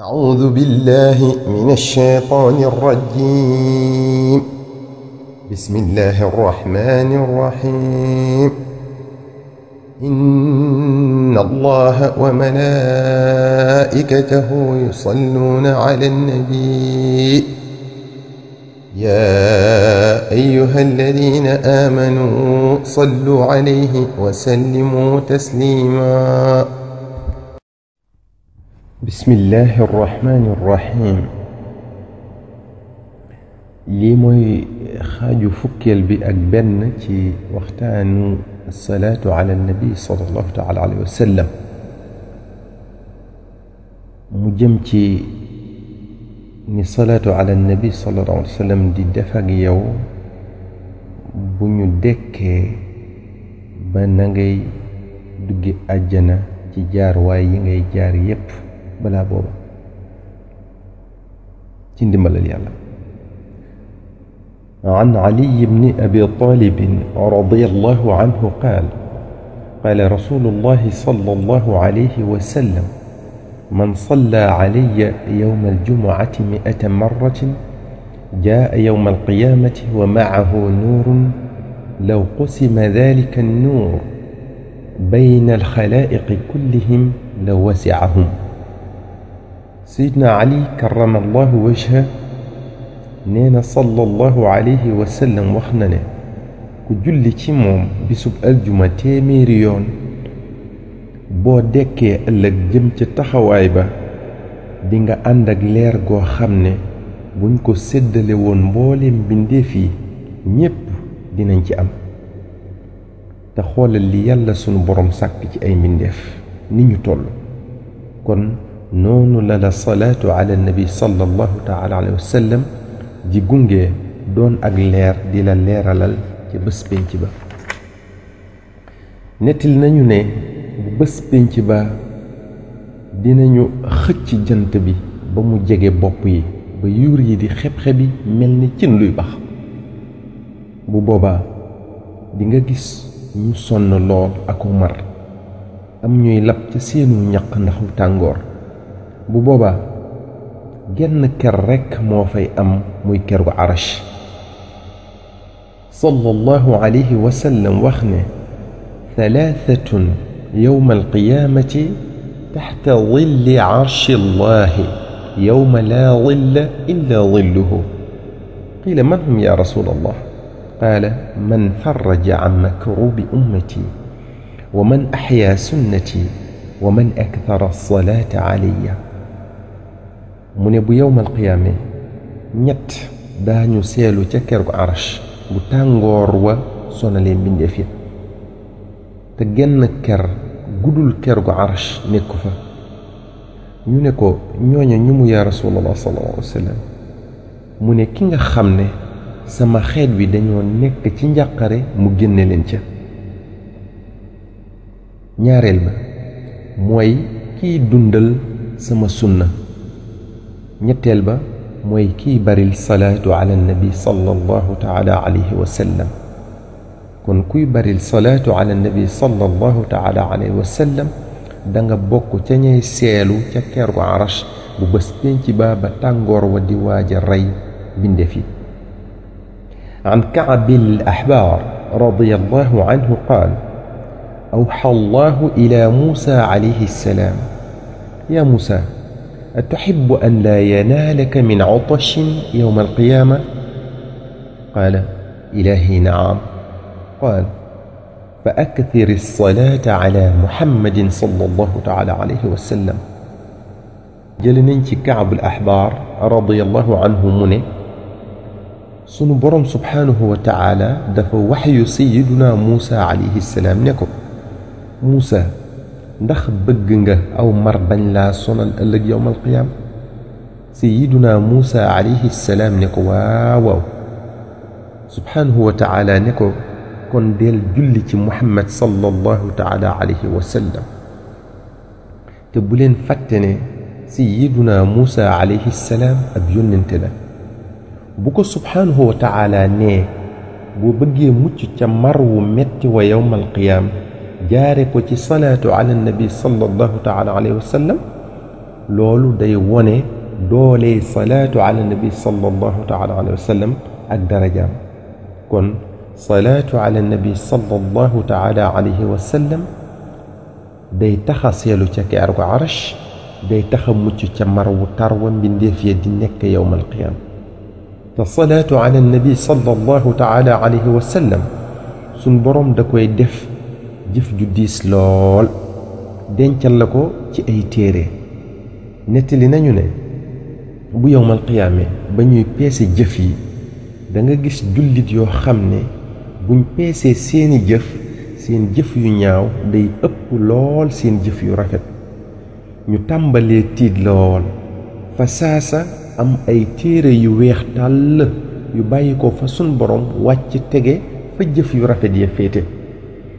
أعوذ بالله من الشيطان الرجيم بسم الله الرحمن الرحيم إن الله وملائكته يصلون على النبي يا أيها الذين آمنوا صلوا عليه وسلموا تسليماً بسم الله الرحمن الرحيم لي موي خاجو فكل بأكبرنا كي وقتان الصلاة على النبي صلى الله تعالى عليه وسلم مجمتي ني صلاة على النبي صلى الله عليه وسلم دي دفاق يوم بنيو ديك بنانجي دقي أجنا تجار واي جار يب balaa booba ci ndimbalal yàlla عن علي بن أبي طالب رضي الله عنه قال قال رسول الله صلى الله عليه وسلم من صلى علي يوم الجمعة مئة مرة جاء يوم القيامة ومعه نور لو قسم ذلك النور بين الخلائق كلهم لوسعهم لو سيدنا علي كرم الله وجهه نينا صلى الله عليه وسلم وخنا كجل كيموم بسب الجمعة تيميريون بو دكي اللي جمت تخوايبا دينغا أندق لير غو خامن بونكو سد لون بولم بندفي نيب دينا جام تخول اللي يلا سن بروم ساك بيك اي مندف نينيو تولو كون noonu la la salaatu ala nabi sallallahu taala alayhi wa sallam di gunge doon ak leer di la leeralal ca bés pénc ba nettil nañu ne bu bés pénc ba dinañu xëcc jant bi ba mu jege bopp yi ba yuur yi di xeb-xeb yi mel ni cin luy bax bu boobaa di nga gis ñu sonn lool aku mar am ñuy lab ca seenu ñaq ndaxu tàngoor bu boobaa genn ker rekk moo fay am muy keru arash sallallahu alayhi wa sallam wax ne thalathatun yowma alqiyamati taxta dilli arshi allahi يوم لا ظل إلا ظله قيل من هم يا رسول الله قال من فرج عن مكروب أمتي ومن أحيا سنتي ومن أكثر الصلاة عليّ mu ne bu yowmal qiyaame ñett daañu seelu ca ker gu arash bu tàngoor wa sonalee mbindeef ya te genn ker gudul ker gu arash nekku fa ñu ne ko ñooña ñu mu yaa rasulallah sallallahu alayhi mu ne ki nga xam ne sama xeet wi dañoo nekk ci njàqare mu génne leen ca ñaareel ba mooy kiy dundal sama sunna ñetteel ba mooy kiy baril salaatu ala nabi sallallahu taala alayhi wa sallam kon kuy baril salaatu ala nabi sallallahu taala alayhi wa sallam da nga bokk ca ñay seelu ca keeru arash bu bés penc baa ba tàngoor wa di waaja rey bindefi عن كعب الأحبار رضي الله عنه قال أوحى الله إلى موسى عليه السلام يا موسى أتحب أن لا ينالك من عطش يوم القيامة؟ قال إلهي نعم قال فأكثر الصلاة على محمد صلى الله تعالى عليه وسلم جلننك كعب الأحبار رضي الله عنه منه سنبرم سبحانه وتعالى دفو وحي سيدنا موسى عليه السلام نكو موسى ndax bëgg nga aw mar bañ laa sonal ëllëg yowmal qiyaam sayiduna muusa alayhi salaam ne ko waawaaw subhaanahu wa taala ne ko kon deel julli ci muhammad sallallahu taala alayhi wa sallam te buleen leen ne sayiduna muusa alayhi salaam ab yónnente la bu ko subhaanahu wa taala nee boo bëggee mucc ca mar wu metti wa yowmal jaare ko ci salaatu ala nabi sallallahu taala alayhi wa sallam loolu day wone doolee salaatu ala nabi sallallahu taala alayhi wa sallam ak darajaam kon salaatu ala nabi sallallahu taala alayhi wa sallam day taxa seelu ca keer ko arash day taxa mucc ca marwu tarwa mbindeef ya di nekk yowmal qiyaam te salaatu ala nabi sallallahu taala alayhi wa sallam sun borom da koy def jëf ju diis lool dencal la ko ci ay téere nettali nañu ne bu yowmal qiyaame ba ñuy peese jëf yi da nga gis jullit yoo xam ne buñ peesee seeni jëf seen jëf yu ñaaw day ëpp lool seen jëf yu rafet ñu tàmbalee tiit lool fa saasa am ay téere yu weex tàll yu bàyyi ko fa sun borom wàcc tege fa jëf yu rafet ya féete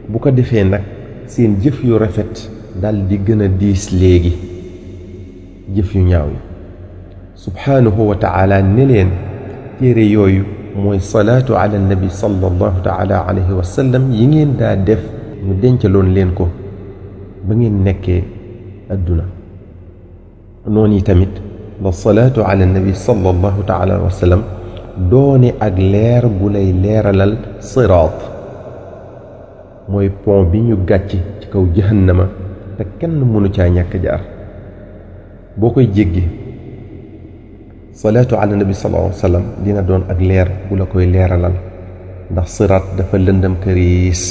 bu ko defee nag seen jëf yu rafet dal di gën a diis léegi jëf yu ñaaw yi subhanahu wa taala ne leen téere yooyu mooy salaatu ala nabi sallallahu taala alayhi wa sallam yi ngeen daa def ñu dencaloon leen ko ba ngeen nekkee adduna noonu yi tamit la salaatu ala nabi sallallahu taala wa sallam doone ak leer bu lay leeralal siraat mooy pont bi ñu gàcc ci kaw jahannama te kenn mënu caa ñàkk jaar boo koy jéggi salaatu ala nabi sallallahu alayhi dina doon ak leer bu koy leeralal ndax siraat dafa lëndam këriis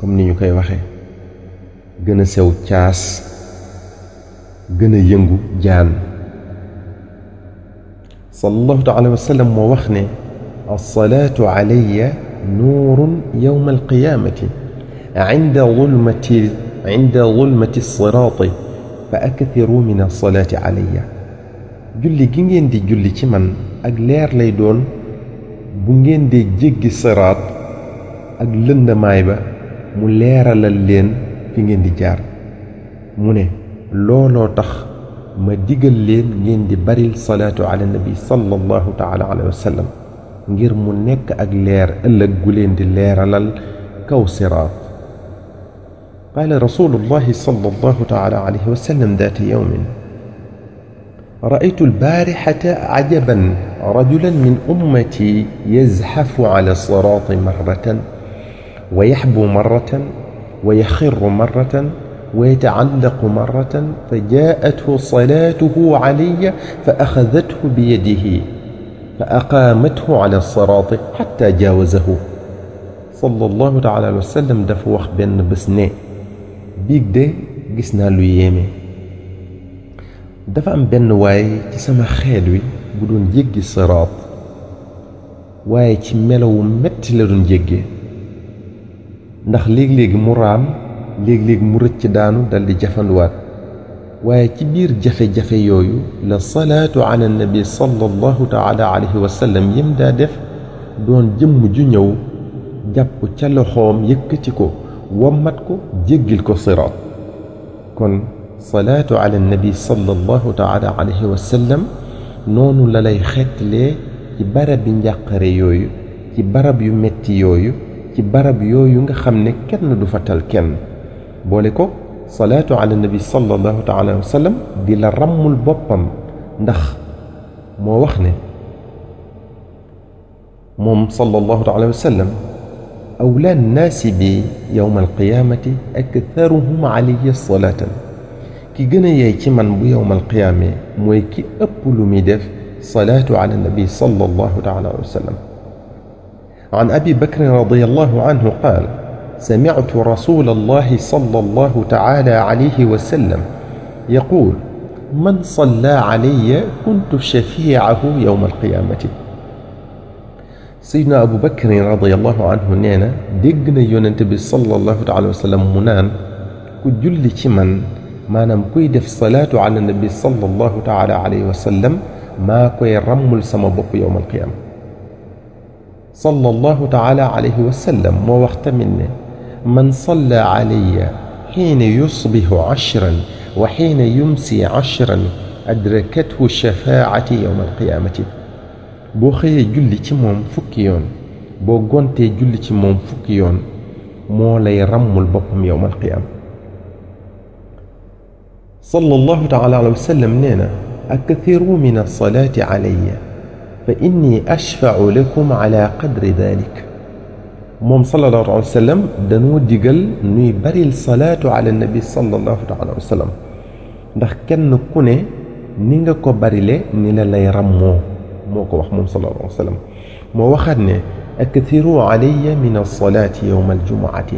comme ni ñu koy waxe gën a sew caas gën a yëngu jaan sallallahu alayhi wa moo wax ne alsalaatu alayya نور يوم القيامة عند ظلمة عند ظلمة الصراط فأكثروا من الصلاة علي جلي جنجين دي جلي كمان أجلير ليدون بنجين دي جيج صراط أجلن مايبا مليرا للين فينجين دي جار مني لولو تخ ما ديجل لين جين دي بريل صلاة على النبي صلى الله تعالى عليه وسلم ngir mu nekk ak leer ëllëg gu leen di leeralal kaw siraat قال رسول الله صلى الله تعالى عليه وسلم ذات يوم رأيت البارحة عجبا رجلا من أمتي يزحف على الصراط مرة ويحبو مرة ويخر مرة ويتعلق مرة فجاءته صلاته علي فأخذته بيده فأقامته على الصراط حتى جاوزه صلى الله تعالى وسلم دفوخ بين بسنة بيك دي قسنا لو يامي دفع بين واي تسمى خالوي بدون جيجي الصراط واي كملو مت لدون جيجي نخ ليك ليك مرام ليك ليك مرتش دانو دالي جفن وات وكبير جفا جفا يويو للصلاة على النبي صلى الله تعالى عليه وسلم يمدى دف دون جم جنيو جابو تلو خوم يكتكو ومتكو جيجلكو صراط كن صلاة على النبي صلى الله تعالى عليه وسلم نونو للي خطلي كبرب نجاقر يويو كبرب يمتي يويو كبرب يويو نغا خمني كرن دفتال كن بوليكو صلاه على النبي صلى الله wa وسلم di la ràmmul boppam ndax moo wax ne moom sallallahu taala wa أولى الناس بي يوم القيامة أكثرهم علي صلاة كي جنا يكي من بو يوم القيامة مويكي أبلو مدف صلاة على النبي صلى الله عليه وسلم عن أبي بكر رضي الله عنه قال سمعت رسول الله صلى الله تعالى عليه وسلم يقول من صلى علي كنت شفيعه يوم القيامة سيدنا أبو بكر رضي الله عنه نينا دقنا ينتبه صلى الله تعالى وسلم منان كجل كمن ما نمكيد في الصلاة على النبي صلى الله تعالى عليه وسلم ما كوي رمل سمبق يوم القيامة صلى الله تعالى عليه وسلم ما وقت منه من صلى علي حين يصبح عشرا وحين يمسي عشرا أدركته الشفاعة يوم القيامة بوخي جلتي موم فكيون بوغونتي جلتي موم فكيون مولاي رم البقم يوم القيامة صلى الله تعالى عليه وسلم نينا أكثروا من الصلاة علي فإني أشفع لكم على قدر ذلك موم صلى الله عليه وسلم دانو ديغل ني بري الصلاه على النبي صلى الله عليه وسلم داخ كين كوني نيغا كو بري لي ني لا لاي رامو موكو واخ موم صلى الله عليه وسلم مو واخات ني اكثروا علي من الصلاه يوم الجمعه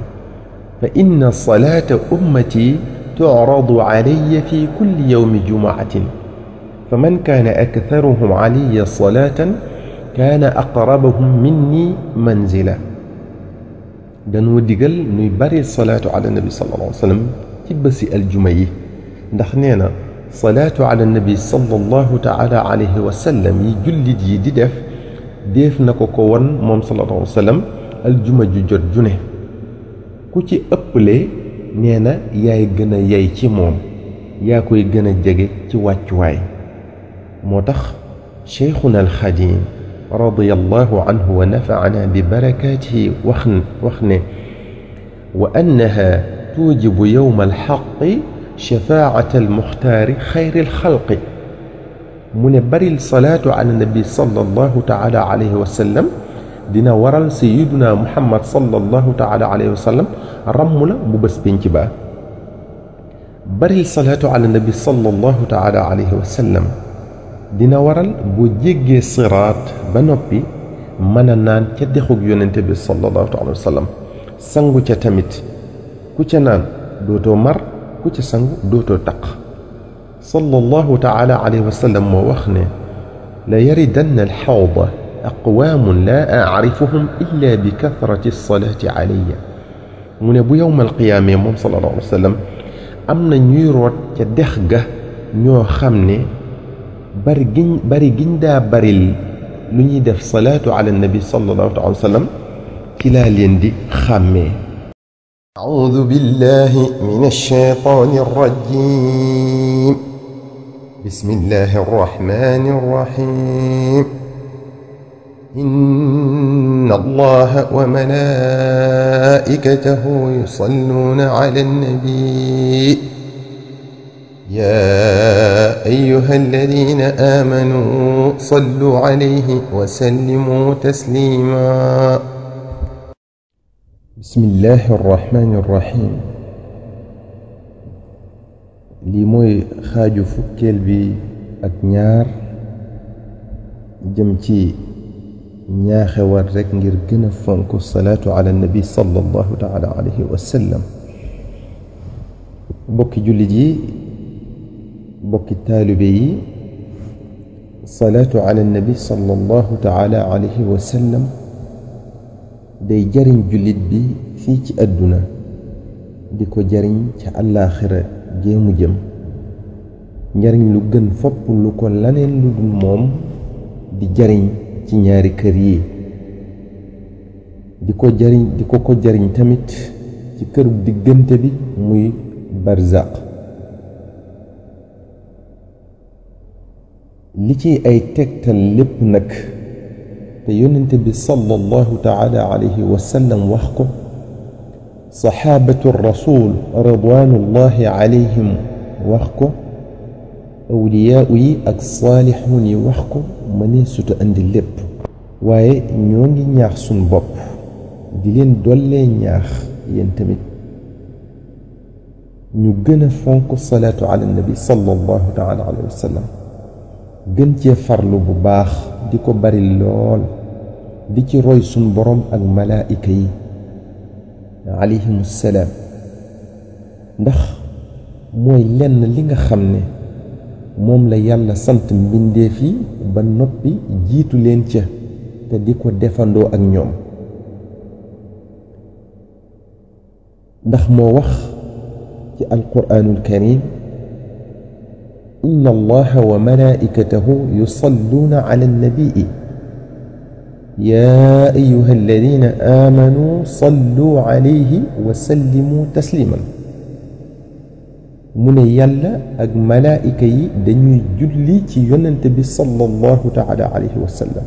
فان صلاه امتي تعرض علي في كل يوم جمعه فمن كان اكثرهم علي صلاه كان اقربهم مني منزله دانو ديغال نوي باري الصلاة على النبي صلى الله عليه وسلم تبسي الجمي دخنينا صلاة على النبي صلى الله تعالى عليه وسلم يجل دي ديف ديف نكو كوان موم صلى الله عليه وسلم الجمع جور جوني كوتي أبلي نينا ياي غنى ياي تي موم ياكوي غنى جيغي تي واتي واي موتاخ شيخنا الخديم رضي الله عنه ونفعنا ببركاته وخنه وأنها توجب يوم الحق شفاعة المختار خير الخلق منبر الصلاة على النبي صلى الله تعالى عليه وسلم دينا ورا سيدنا محمد صلى الله تعالى عليه وسلم رملا مبس بنجبا بر الصلاة على النبي صلى الله تعالى عليه وسلم dina waral bu jéggee sirat ba noppi mën a naan ca dexug yonente bi sallallahu alayhi wa sallam sangu ca tamit ku ca naan dootoo mar ku ca sangu dootoo taq sallallahu taala alayhi wa sallam moo wax ne la yaridanna alxawda aqwaamun laa acrifuhum illa bi kathrati alsalaati alayya mu ne bu yowmal qiyaamee moom sallallahu alayhi wa sallam am na ñuy root ca dex ga ñoo xam برجن برجن دا بريل لني دف صلاة على النبي صلى الله عليه وسلم كلا ليندي خامي أعوذ بالله من الشيطان الرجيم بسم الله الرحمن الرحيم إن الله وملائكته يصلون على النبي يا أيها الذين آمنوا صلوا عليه وسلموا تسليما بسم الله الرحمن الرحيم لموي خاج فكيل بي أكنيار جمتي نياخي ورق نير فنكو الصلاة على النبي صلى الله تعالى عليه وسلم بوكي جولي جي bokki taalibe yi salaatu ala nabi sallallahu taala alayhi wa day jariñ jullit bi fii ci àdduna di ko jariñ ca àllaaxira géemu jëm njariñ lu gën fopp lu ko laneen lu dul moom di jariñ ci ñaari kër yi di ko jariñ di ko ko jariñ tamit ci këru diggante bi muy barzaq li ci ay tegtal lépp nag te yonent bi sallallahu taala alayhi wa sallam wax ko saxaabatu rasul ridwanullahi alayhim wax ko awliyaa yi ak saalixuun yi wax ko mënee suta andi lépp waaye ñoo ngi ñaax suñ bopp di leen dollee ñaax yéen tamit ñu gën a fonk salaatu ala nabi sallallahu taala alayhi wa sallam gën cee farlu bu baax di ko bari lool di ci roy sun boroom ak malaayika yi alayhimu ndax mooy lenn li nga xam ne moom la yàlla sant mbindeef yi ba noppi jiitu leen ca te di ko defandoo ak ñoom ndax moo wax ci alquraanul karim إن الله وملائكته يصلون على النبي يا أيها الذين آمنوا صلوا عليه وسلموا تسليما من يلا أج ملائكي دن يجلي كي يننتبه صلى الله تعالى عليه وسلم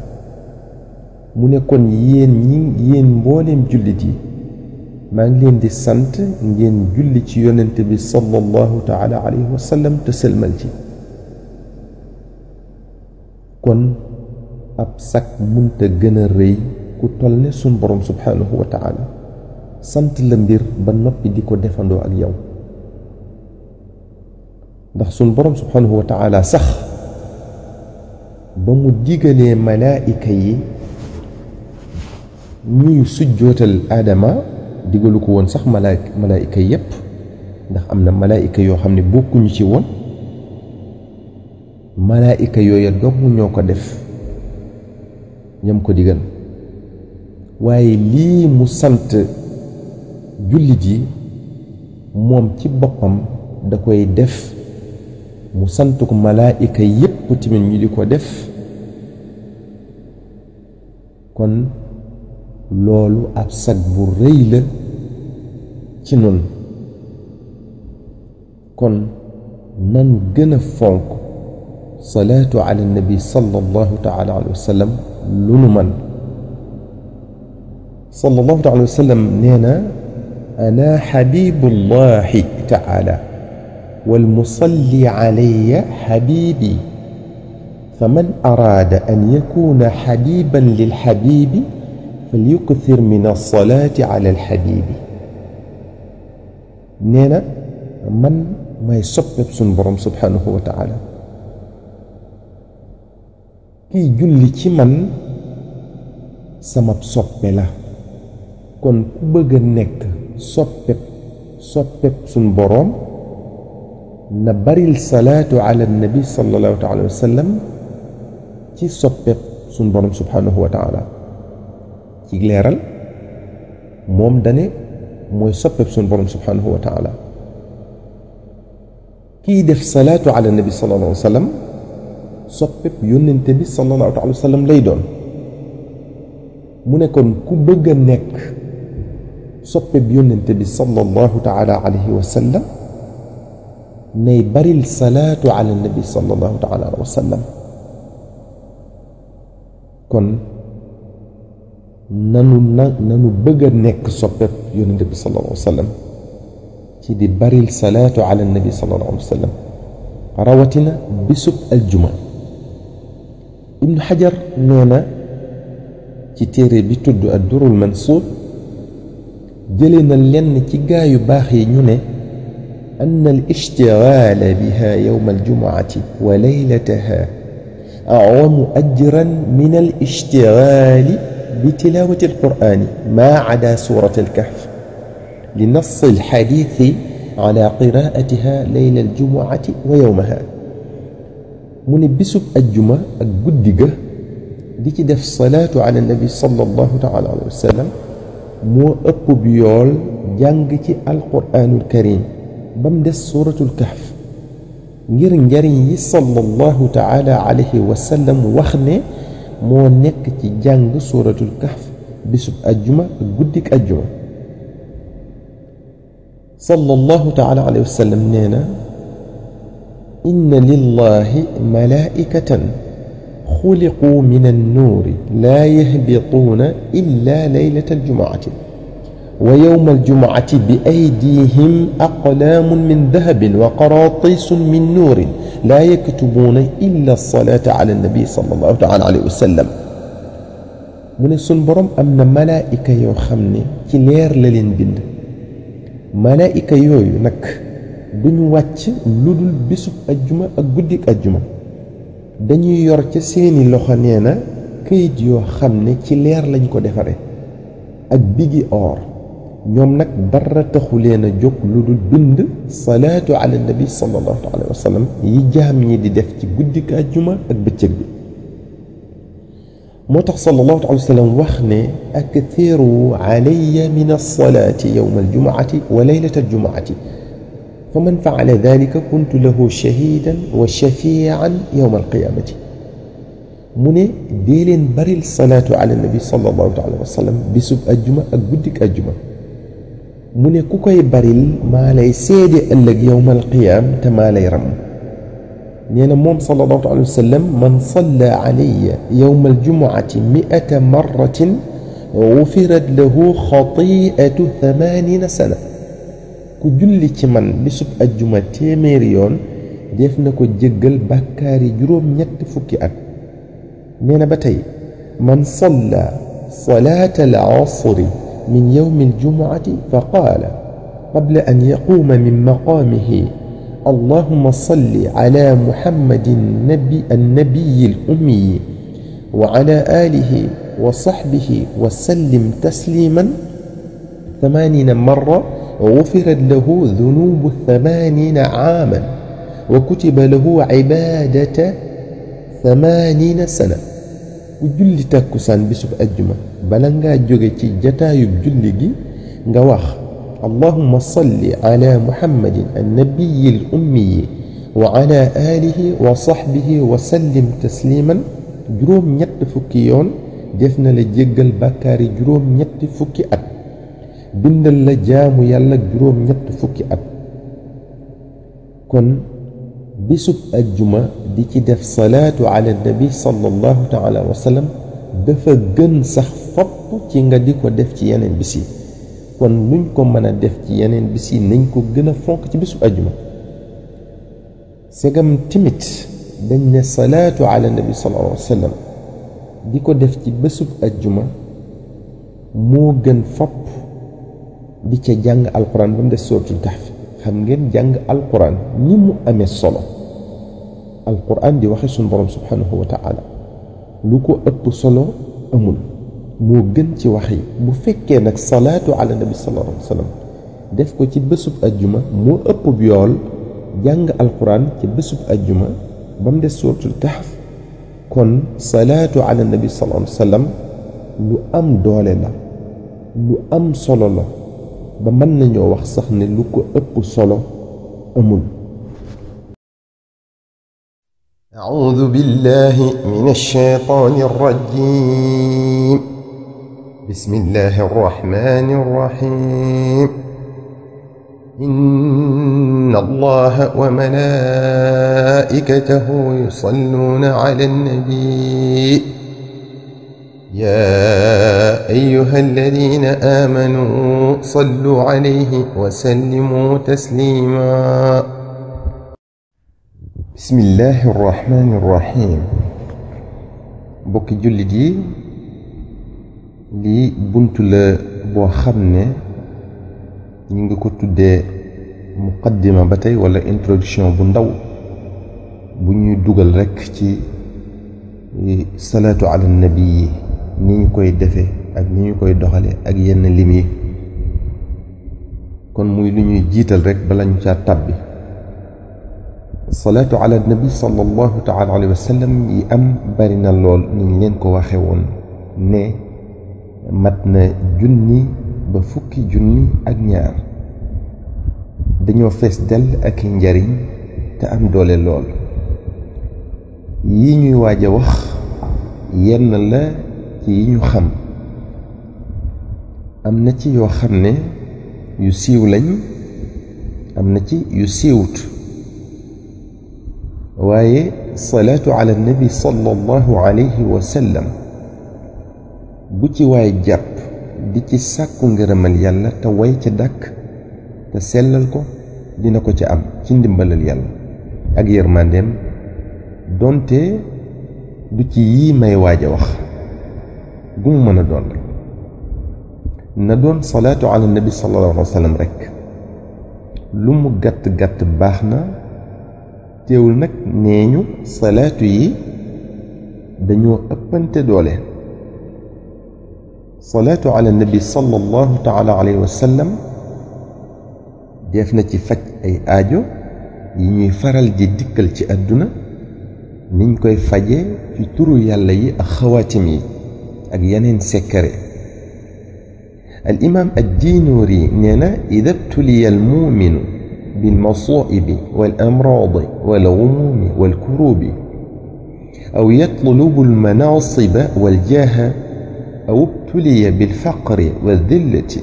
من يكون ين ين ين بولم جلدي من لين دي سنت ين جلي كي يننتبه صلى الله تعالى عليه وسلم تسلمتي kon ab sag munta gën a rëy ku toll ne sun borom subhanahu wa taala sant la mbir ba noppi di ko defandoo ak yow ndax sun borom subhanahu wa taala sax ba mu digalee malaayika yi ñuy sujjootal aadama digalu ko woon sax malaayika yépp ndax am na malaayika yoo xam ne bokkuñu ci woon malaayika yooya dong ñoo ko def ñam ko digal waaye lii mu sant jullit yi moom ci boppam da koy def mu sant ko malaayika yépp timit ñu di ko def kon loolu ab sag bu rëy la ci nun kon nan gën a fonk صلاة على النبي صلى الله تعالى عليه وسلم لنما صلى الله عليه وسلم نينا أنا حبيب الله تعالى والمصلي علي حبيبي فمن أراد أن يكون حبيبا للحبيب فليكثر من الصلاة على الحبيب نينا من ما يسبب سنبرم سبحانه وتعالى kiy julli ci man sama soppe la kon ku bëgg a nekk soppeb soppeb suñ boroom na baril salaatu ala nabi sallallahu taala wa sallam ci soppeb suñ boroom subhanahu wa taala ci leeral moom dane mooy soppeb suñ boroom subhanahu wa taala kiy def salaatu ala nabi sallallahu alayhi wa sallam soppeeb yónnente bi sallallahu alayhi wa sallam lay doon mu ne kon ku bëgg a nekk soppeeb yónnente bi sallallahu taala alayhi wa sallam nay baril salaatu ala nabi sallallahu taala alayhi wa sallam kon nanu na nanu bëgg a nekk soppeeb yónnente bi sallallahu alayhi wa sallam ci di baril salaatu ala nabi sallallahu alayhi wa sallam rawatina bisub aljuma ابن حجر نونا na ci téere bi tudd ak durul mansuub jële na lenn ci gaayu baax yi ñu ne أن الاشتغال بها يوم الجمعة وليلتها أعظم أجرا من الاشتغال بتلاوة القرآن ما عدا سورة الكهف لنص الحديث على قراءتها ليل الجمعة ويومها mu ne bisub ajjuma ak guddi ga di ci def salaatu ala nabi sallallahu taala alayhi wa sallam moo ëpp bi yool jàng ci alquraanul karim ba mu des suuratul kahf ngir njariñ yi sallallahu taala alayhi wa sallam wax ne moo nekk ci jàng suuratul kahf bisub ajjuma ak guddik ajjuma sallallahu taala alayhi wa sallam nee na إن لله ملائكة خلقوا من النور لا يهبطون إلا ليلة الجمعة ويوم الجمعة بأيديهم أقلام من ذهب وقراطيس من نور لا يكتبون إلا الصلاة على النبي صلى الله عليه وسلم من ne sun ملائكة am na malaayika ملائكة xam نك يو duñu wàcc lu bisub bésub ajjuma ak guddik ajjuma dañuy yor ca seeni loxo nee na këyit yoo xam ne ci leer lañ ko defare ak bigi or ñoom nag dara taxu leen a jóg lu bind salaatu ala nabi sallallahu alayhi wa sallam yi jaam ñi di def ci guddik ajjuma ak bëccëg bi moo tax sallallahu alayhi wa sallam wax ne akthiru alayya min alsalaati yowma aljumaati wa leylata aljumaati فمن فعل ذلك كنت له شهيدا وشفيعا يوم القيامة من ديل بر الصلاة على النبي صلى الله عليه وسلم بسبب الجمعة أجدك الجمعة من كوكاي بريل ما لي سيد اللي يوم القيام ما لي رم لأن موم صلى الله عليه وسلم من صلى علي يوم الجمعة مئة مرة غفرت له خطيئة ثمانين سنه ku julli ci man bisub aljuma téeméeri yoon def na ko jéggal bàkkaari juróom ñett صلاه العصر من يوم الجمعه فقال قبل ان يقوم من مقامه اللهم صل على محمد النبي, النبي الامي وعلى اله وصحبه وسلم تسليما ثمانين مره غفرت له ذنوب ثمانين عاما وكتب له عبادة ثمانين سنة وجل تكسان بسب أجمع بل نغا جوغتي جتاي بجلغي نغا اللهم صل على محمد النبي الأمي وعلى آله وصحبه وسلم تسليما جروم نيت فكيون ديفنا لجيغل بكاري جروم نيت فكي bindal la jaamu yàlla juróom ñett fukki at kon bisub ajjuma di ci def salaatu ala nabi sallallahu taala wa dafa gën sax fopp ci nga di ko def ci yeneen bis yi kon nuñ ko mën a def ci yeneen bis yi nañ ko gën a fonk ci bisub ajjuma segam timit dañ ne salaatu ala nabi sallallahu wa sallam di ko def ci bésub ajjuma moo gën fopp di ca jàng alquran ba mu des sooratul kahf xam ngeen jàng alquran ni mu amee solo alquran di waxe suñ borom subhanahu wa taala lu ko ëpp solo amul mo gën ci waxi bu fekkee nag salatu ala nabi sallallahu alayhi wasallam def ko ci bésub aljuma mo ëpp yool jàng alquran ci bésub aljuma bam mu des sooratul kahf kon salatu ala nabi sallallahu alayhi wasallam lu am doole la lu am solo la ba mën nañoo wax sax ne lu ko ëpp solo amul أعوذ بالله من الشيطان الرجيم بسم الله الرحمن الرحيم إن الله وملائكته يصلون على النبي يا أيها الذين آمنوا صلوا عليه وسلموا تسليما بسم الله الرحمن الرحيم بوك جلدي لي بنت لا بو خمنه نيغا كو تودي مقدمه باتاي ولا انتروداكسيون بو نداو بو ñuy دوغال rek ci salatu ala ni ñu koy defe ak ni ñu koy doxale ak yenn lim yi kon muy lu ñuy jiital rek ba ñu caa tàbbi salaatu ala nabi sallallahu taala alayhi wa sallam yi am bari na lool ni leen ko waxe woon ne mat na junni ba fukki junni ak ñaar dañoo fees dell ak njariñ te am doole lool yi ñuy waaj a wax yenn la ci am na ci yoo xam ne yu siiw lañ am na ci yu siiwut waaye salaatu ala nabi sallallahu alayhi wa sallam bu ci waay jàpp di ci sàkku ngërëmal yàlla te way ca dàkk te sellal ko dina ko ca ab ci ndimbalal yàlla ak yërmandeem doonte du ci yii may waaj wax gu mu doon rek na doon salaatu ala nabi sallallahu alayhi wa sallam lu mu gatt gàtt baax na teewul nag nee ñu salaatu yi dañoo ëppante doole salaatu ala nabi sallallahu taala alayhi wa def na ci faj ay aajo yi ñuy faral di dikkal ci àdduna niñ koy faje ci turu yàlla yi ak xawaatim yi أغيان سكري الإمام الدينوري ننا إذا ابتلي المؤمن بالمصائب والأمراض والغموم والكروب أو يطلب المناصب والجاه أو ابتلي بالفقر والذلة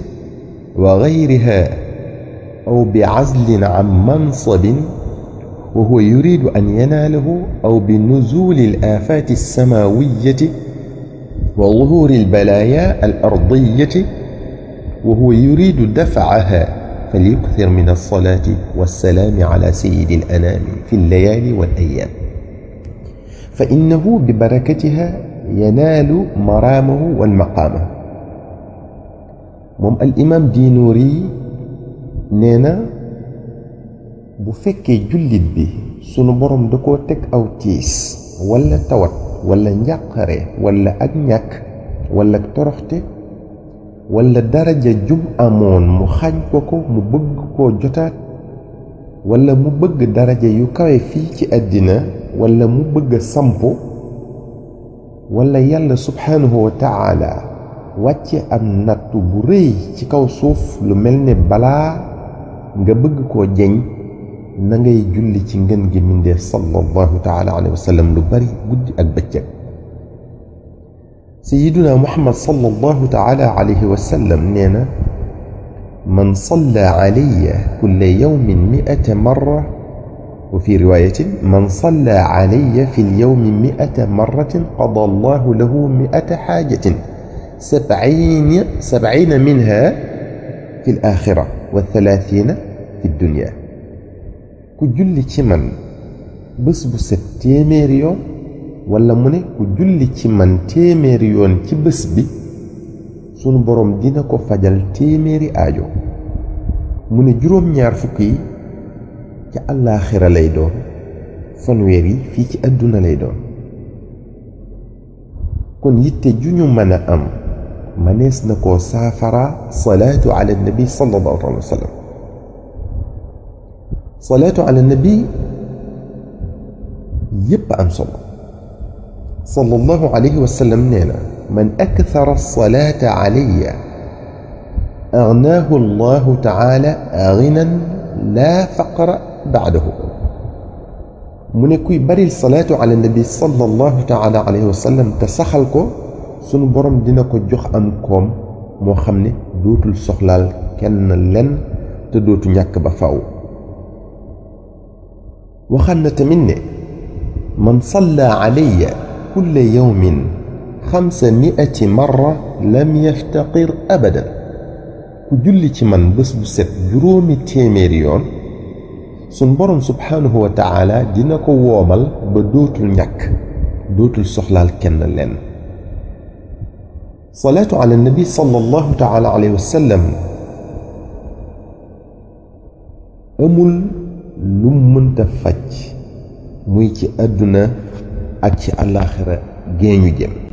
وغيرها أو بعزل عن منصب وهو يريد أن يناله أو بنزول الآفات السماوية وظهور البلايا الأرضية وهو يريد دفعها فليكثر من الصلاة والسلام على سيد الأنام في الليالي والأيام فإنه ببركتها ينال مرامه والمقامه مم الامام دينوري diinoori بفك جلد به سنبرم دكوتك او تيس ولا توت wala njàqare wala ak ñakk wala ak toroxte wala daraja jum amoon mu xañ ko ko mu bëgg ko jotaat wala mu bëgg daraja yu kawe fii ci àddina walla mu bëgg a sampo wala yàlla subhaanahu wa taala wàcce am nattu bu rëy ci kaw suuf lu mel ne balaa nga bëgg koo jeñ na ngay julli ci ngën gi mindeef sallallahu taala alayhi wa sallam lu bari guddi ak bëccëg sayiduna muhammad sallallahu taala alayhi wa sallam nee na man salla calaya kulla yawmin miata marra wa fi riwayatin man salla calaya fi lyawmi miata maratin qada allahu lahu miata xaajatin sabciina minha fi alakhira wa thalaathiina fi ddunya ku julli ci man bés bu set téeméeri yoon walla mu ne ku julli ci man téeméeri yoon ci bés bi sunu boroom dina ko fajal téeméeri aajo mu ne juróom-ñaar fukk yi ca àllaaxira lay doon fanweer yi fii ci àdduna lay doon kon yitte ju ñu mën a am mënees na ko saafara salaatu ala nabi sallallahu alayhi wa صلاة على النبي يبقى أم صلى صلى الله عليه وسلم نانا من أكثر الصلاة علي أغناه الله تعالى غنى لا فقر بعده منكوي بري الصلاة على النبي صلى الله تعالى عليه وسلم تسخلكو سنبرم دينكو dina أمكم jox دوت السخلال كان لن تدوت نيك بفاو وخل نتمنى من صلى علي كل يوم خمسمائة مرة لم يفتقر أبدا كجلت من بسبس جرومي تيميريون سنبرم سبحانه وتعالى دينك وومال بدوت النك دوت سخلال كن لن صلاة على النبي صلى الله تعالى عليه وسلم أمل lu mënta faj muy ci àdduna ak ci àllaaxira géeñu jëm